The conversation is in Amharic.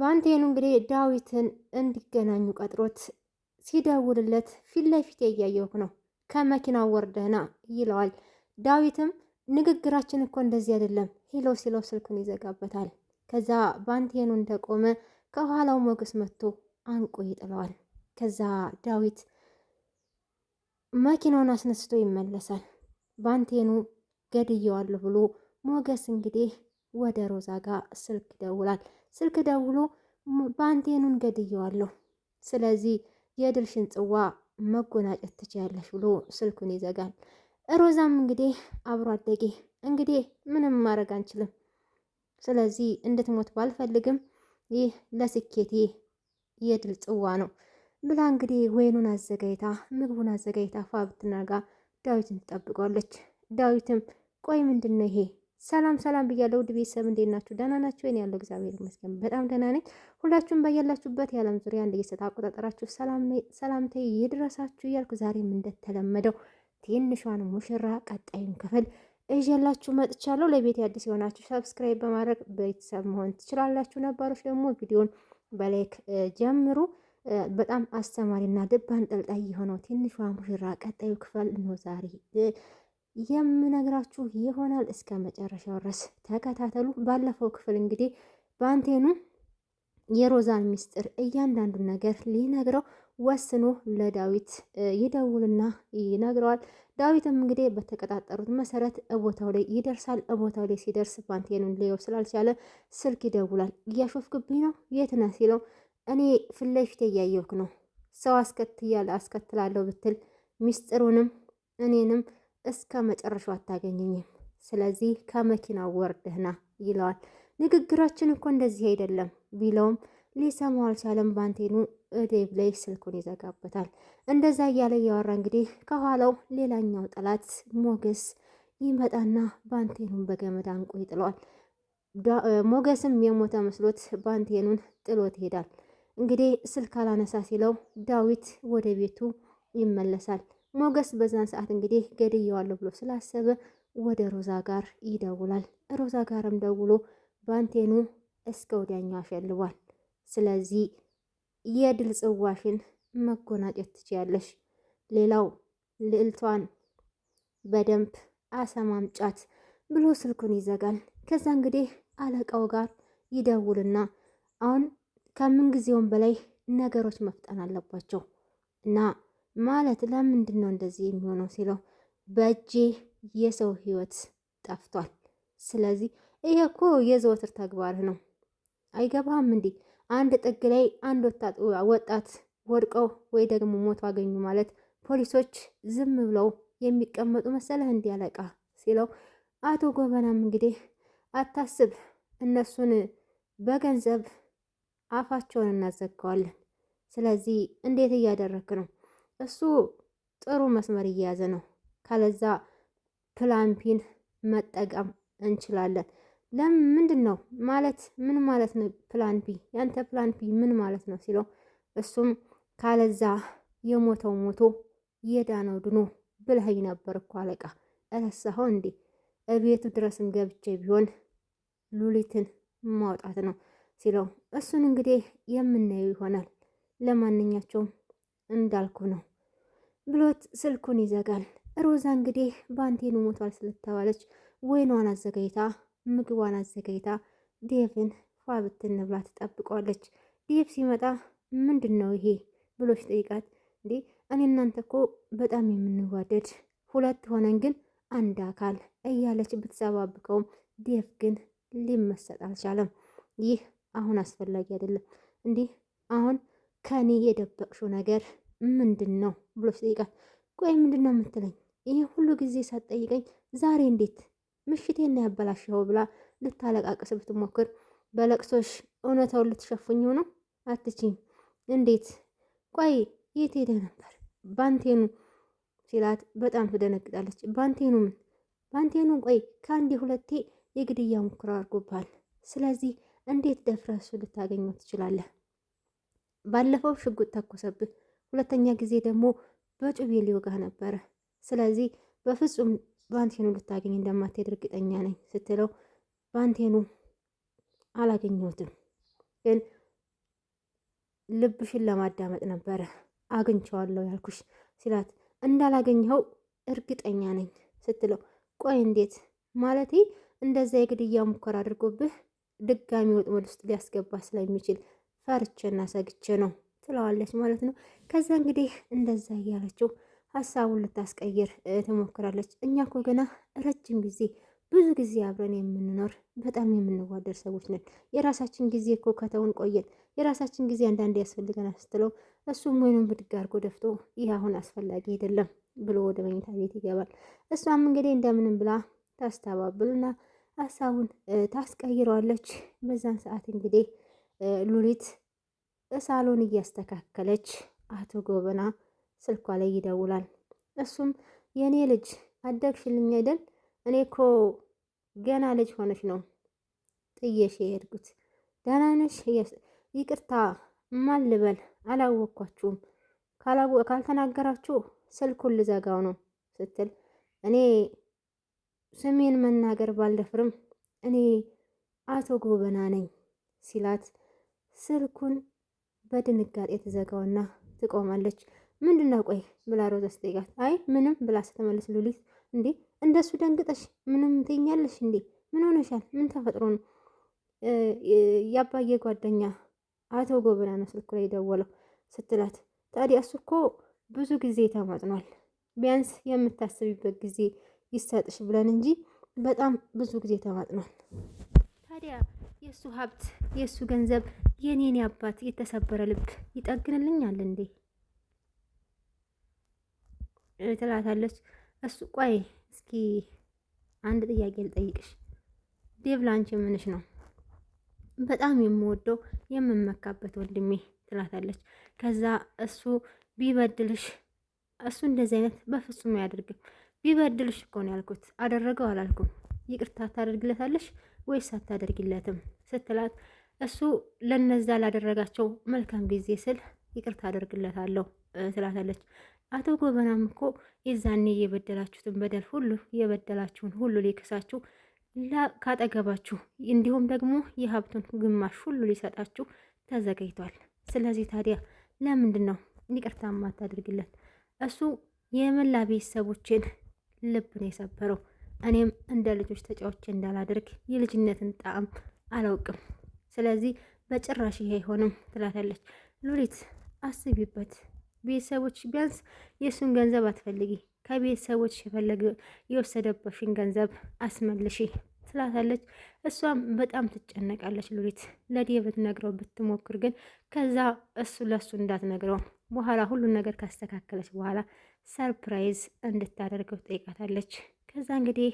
ባንቴኑ እንግዲህ ዳዊትን እንዲገናኙ ቀጥሮት ሲደውልለት ፊት ለፊት እያየሁህ ነው ከመኪናው ወርደህና ይለዋል። ዳዊትም ንግግራችን እኮ እንደዚህ አይደለም ሄሎ ሲለው ስልኩን ይዘጋበታል። ከዛ ባንቴኑ እንደቆመ ከኋላው ሞገስ መጥቶ አንቆ ይጥለዋል። ከዛ ዳዊት መኪናውን አስነስቶ ይመለሳል። ባንቴኑ ገድየዋለሁ ብሎ ሞገስ እንግዲህ ወደ ሮዛ ጋር ስልክ ይደውላል። ስልክ ደውሎ ባንቴኑን ገድየዋለሁ፣ ስለዚህ የድልሽን ጽዋ መጎናጨት ትችያለሽ ብሎ ስልኩን ይዘጋል። ሮዛም እንግዲህ አብሮ አደጌ እንግዲህ ምንም ማድረግ አንችልም፣ ስለዚህ እንድትሞት ባልፈልግም ይህ ለስኬቴ የድል ጽዋ ነው ብላ እንግዲህ ወይኑን አዘጋጅታ ምግቡን አዘጋጅታ ፋ ዳዊትን ትጠብቋለች። ዳዊትም ቆይ ምንድን ነው ይሄ ሰላም ሰላም ብያለሁ። ውድ ቤተሰብ እንዴት ናችሁ? ደህና ናችሁ? እኔ ያለው እግዚአብሔር ይመስገን በጣም ደህና ነኝ። ሁላችሁም በያላችሁበት የዓለም ዙሪያ እንደ የሰዓት አቆጣጠራችሁ ሰላምታ ይድረሳችሁ እያልኩ ዛሬም እንደተለመደው ትንሿን ሙሽራ ቀጣዩን ክፍል እዤላችሁ መጥቻለሁ። ለቤት አዲስ የሆናችሁ ሰብስክራይብ በማድረግ ቤተሰብ መሆን ትችላላችሁ። ነባሮች ደግሞ ቪዲዮን በላይክ ጀምሩ። በጣም አስተማሪና ልብ አንጠልጣይ የሆነው ትንሿ ሙሽራ ቀጣዩ ክፍል ነው ዛሬ የምነግራችሁ ይሆናል። እስከ መጨረሻው ድረስ ተከታተሉ። ባለፈው ክፍል እንግዲህ ባንቴኑ የሮዛን ሚስጥር እያንዳንዱን ነገር ሊነግረው ወስኖ ለዳዊት ይደውልና ይነግረዋል። ዳዊትም እንግዲህ በተቀጣጠሩት መሰረት እቦታው ላይ ይደርሳል። እቦታው ላይ ሲደርስ ባንቴኑን ሊየው ስላልቻለ ስልክ ይደውላል። እያሾፍክብኝ ነው፣ የት ነህ ሲለው እኔ ፊት ለፊት እያየሁህ ነው፣ ሰው አስከትያለ አስከትላለሁ ብትል ሚስጥሩንም እኔንም እስከ መጨረሻው አታገኘኝም። ስለዚህ ከመኪናው ወርደህና ይለዋል። ንግግራችን እኮ እንደዚህ አይደለም ቢለውም ሊሰማው አልቻለም። ባንቴኑ እዴብ ላይ ስልኩን ይዘጋበታል። እንደዛ እያለ እያወራ እንግዲህ ከኋላው ሌላኛው ጠላት ሞገስ ይመጣና ባንቴኑን በገመድ አንቆ ይጥለዋል። ሞገስም የሞተ መስሎት ባንቴኑን ጥሎት ይሄዳል። እንግዲህ ስልክ አላነሳ ሲለው ዳዊት ወደ ቤቱ ይመለሳል። ሞገስ በዛን ሰዓት እንግዲህ ገድየዋለሁ ብሎ ስላሰበ ወደ ሮዛ ጋር ይደውላል። ሮዛ ጋርም ደውሎ ባንቴኑ እስከ ወዲያኛው አሸልቧል። ስለዚህ የድል ጽዋሽን መጎናጨት ትችያለሽ። ሌላው ልዕልቷን በደንብ አሰማምጫት ብሎ ስልኩን ይዘጋል። ከዛ እንግዲህ አለቃው ጋር ይደውልና አሁን ከምን ጊዜውም በላይ ነገሮች መፍጠን አለባቸው እና ማለት ለምንድን ነው እንደዚህ የሚሆነው ሲለው በእጄ የሰው ህይወት ጠፍቷል። ስለዚህ ይሄ እኮ የዘወትር ተግባርህ ነው። አይገባህም እንዴ? አንድ ጥግ ላይ አንድ ወጣት ወድቀው ወይ ደግሞ ሞት አገኙ ማለት ፖሊሶች ዝም ብለው የሚቀመጡ መሰለህ? እንዲ ሲለው አቶ ጎበናም እንግዲህ አታስብ፣ እነሱን በገንዘብ አፋቸውን እናዘጋዋለን። ስለዚህ እንዴት እያደረግ ነው? እሱ ጥሩ መስመር እየያዘ ነው። ካለዛ ፕላምፒን መጠቀም እንችላለን። ለምን ምንድን ነው ማለት ምን ማለት ነው? ፕላንፒ ያንተ ፕላንፒ ምን ማለት ነው ሲለው እሱም ካለዛ የሞተው ሞቶ የዳነው ድኖ ብለኸኝ ነበር እኮ አለቃ፣ እረሳኸው እንዴ? እቤቱ ድረስም ገብቼ ቢሆን ሉሊትን ማውጣት ነው ሲለው እሱን እንግዲህ የምናየው ይሆናል። ለማንኛቸውም እንዳልኩ ነው። ብሎት ስልኩን ይዘጋል። ሮዛ እንግዲህ ባንቴኑ ሞቷል ስለተባለች ወይኗን አዘጋጅታ ምግቧን አዘጋጅታ ዴቭን ፏ ብትን ብላ ትጠብቋለች። ዴቭ ሲመጣ ምንድን ነው ይሄ ብሎ ጠይቃት እንዴ እኔ እናንተ እኮ በጣም የምንዋደድ ሁለት ሆነን ግን አንድ አካል እያለች ብትዘባብቀውም ዴቭ ግን ሊመሰጥ አልቻለም። ይህ አሁን አስፈላጊ አይደለም። እንዲህ አሁን ከኔ የደበቅሽው ነገር ምንድን ነው ብሎ ሲጠይቃል። ቆይ ምንድን ነው የምትለኝ? ይህ ሁሉ ጊዜ ሳትጠይቀኝ ዛሬ እንዴት ምሽቴን ያበላሸው ብላ ልታለቃቅስ ብትሞክር በለቅሶሽ እውነታውን ልትሸፍኝ ነው አትችይም። እንዴት ቆይ የት ሄደ ነበር ባንቴኑ ሲላት በጣም ትደነግጣለች። ባንቴኑ ምን ባንቴኑ? ቆይ ከአንዴ ሁለቴ የግድያ ሙከራ አድርጎብሃል። ስለዚህ እንዴት ደፍረህ እሱ ልታገኘው ትችላለህ? ባለፈው ሽጉጥ ተኮሰብህ። ሁለተኛ ጊዜ ደግሞ በጩቤ ሊወጋህ ነበረ። ስለዚህ በፍጹም ባንቴኑ ልታገኝ እንደማትሄድ እርግጠኛ ነኝ ስትለው ባንቴኑ አላገኘሁትም፣ ግን ልብሽን ለማዳመጥ ነበረ አግኝቸዋለሁ ያልኩሽ ሲላት እንዳላገኘኸው እርግጠኛ ነኝ ስትለው ቆይ እንዴት ማለቴ እንደዛ የግድያ ሙከራ አድርጎብህ ድጋሚ ወጥመድ ውስጥ ሊያስገባ ስለሚችል ፈርቼና ሰግቼ ነው ትለዋለች ማለት ነው። ከዛ እንግዲህ እንደዛ እያለችው ሀሳቡን ልታስቀይር ትሞክራለች። እኛ እኮ ገና ረጅም ጊዜ ብዙ ጊዜ አብረን የምንኖር በጣም የምንዋደር ሰዎች ነን። የራሳችን ጊዜ እኮ ከተውን ቆየን፣ የራሳችን ጊዜ አንዳንድ ያስፈልገናል ስትለው እሱም ወይኑን ብድግ አድርጎ ደፍቶ ይህ አሁን አስፈላጊ አይደለም ብሎ ወደ መኝታ ቤት ይገባል። እሷም እንግዲህ እንደምንም ብላ ታስተባብልና ሀሳቡን ታስቀይረዋለች። በዛን ሰዓት እንግዲህ ሉሊት ሳሎን እያስተካከለች አቶ ጎበና ስልኳ ላይ ይደውላል። እሱም የእኔ ልጅ አደግሽልኝ አይደል? እኔ እኮ ገና ልጅ ሆነች ነው ጥየሽ የሄድኩት። ደህና ነሽ? ይቅርታ ማን ልበል አላወቅኳችሁም። ካልተናገራችሁ ስልኩን ልዘጋው ነው ስትል እኔ ስሜን መናገር ባልደፍርም እኔ አቶ ጎበና ነኝ ሲላት ስልኩን በድንጋጤ ትዘጋውና ትቆማለች። ምንድን ነው ቆይ ብላ ሮዛ ስትጠይቃት አይ ምንም ብላ ስትመልስ ሉሊት እንዴ እንደሱ ደንግጠሽ ምንም ትኛለሽ እንዴ? ምን ሆነሻል? ምን ተፈጥሮ ነው? የአባዬ ጓደኛ አቶ ጎበና ነው ስልኩ ላይ ደወለው ስትላት ታዲያ እሱ እኮ ብዙ ጊዜ ተማጥኗል። ቢያንስ የምታስቢበት ጊዜ ይሰጥሽ ብለን እንጂ በጣም ብዙ ጊዜ ተማጥኗል ታዲያ የእሱ ሀብት የእሱ ገንዘብ የኔን አባት የተሰበረ ልብ ይጠግንልኛል እንዴ? ትላታለች። እሱ ቆይ እስኪ አንድ ጥያቄ ልጠይቅሽ። ዴቭ ላንቺ ምንሽ ነው? በጣም የምወደው የምመካበት ወንድሜ ትላታለች። ከዛ እሱ ቢበድልሽ እሱ እንደዚህ አይነት በፍጹም አያደርግም። ቢበድልሽ እኮ ነው ያልኩት፣ አደረገው አላልኩም ይቅርታ ታደርግለታለሽ ወይስ አታደርግለትም ስትላት እሱ ለነዛ ላደረጋቸው መልካም ጊዜ ስል ይቅርታ አደርግለታለሁ ትላታለች። አቶ ጎበናም እኮ የዛኔ የበደላችሁትን በደል ሁሉ የበደላችሁን ሁሉ ሊክሳችሁ ካጠገባችሁ እንዲሁም ደግሞ የሀብቱን ግማሽ ሁሉ ሊሰጣችሁ ተዘጋጅቷል። ስለዚህ ታዲያ ለምንድን ነው ይቅርታ ማታደርግለት? እሱ የመላ ቤተሰቦችን ልብ ነው የሰበረው። እኔም እንደ ልጆች ተጫዎች እንዳላደርግ የልጅነትን ጣዕም አላውቅም። ስለዚህ በጭራሽ ይሄ አይሆንም ትላታለች ሉሊት። አስቢበት፣ ቤተሰቦች ቢያንስ የእሱን ገንዘብ አትፈልጊ፣ ከቤተሰቦች የፈለገ የወሰደበሽን ገንዘብ አስመልሺ ትላታለች። እሷም በጣም ትጨነቃለች። ሉሊት ለዲያ ብትነግረው ብትሞክር ግን ከዛ እሱ ለእሱ እንዳትነግረው በኋላ ሁሉን ነገር ካስተካከለች በኋላ ሰርፕራይዝ እንድታደርገው ጠይቃታለች። ከዛ እንግዲህ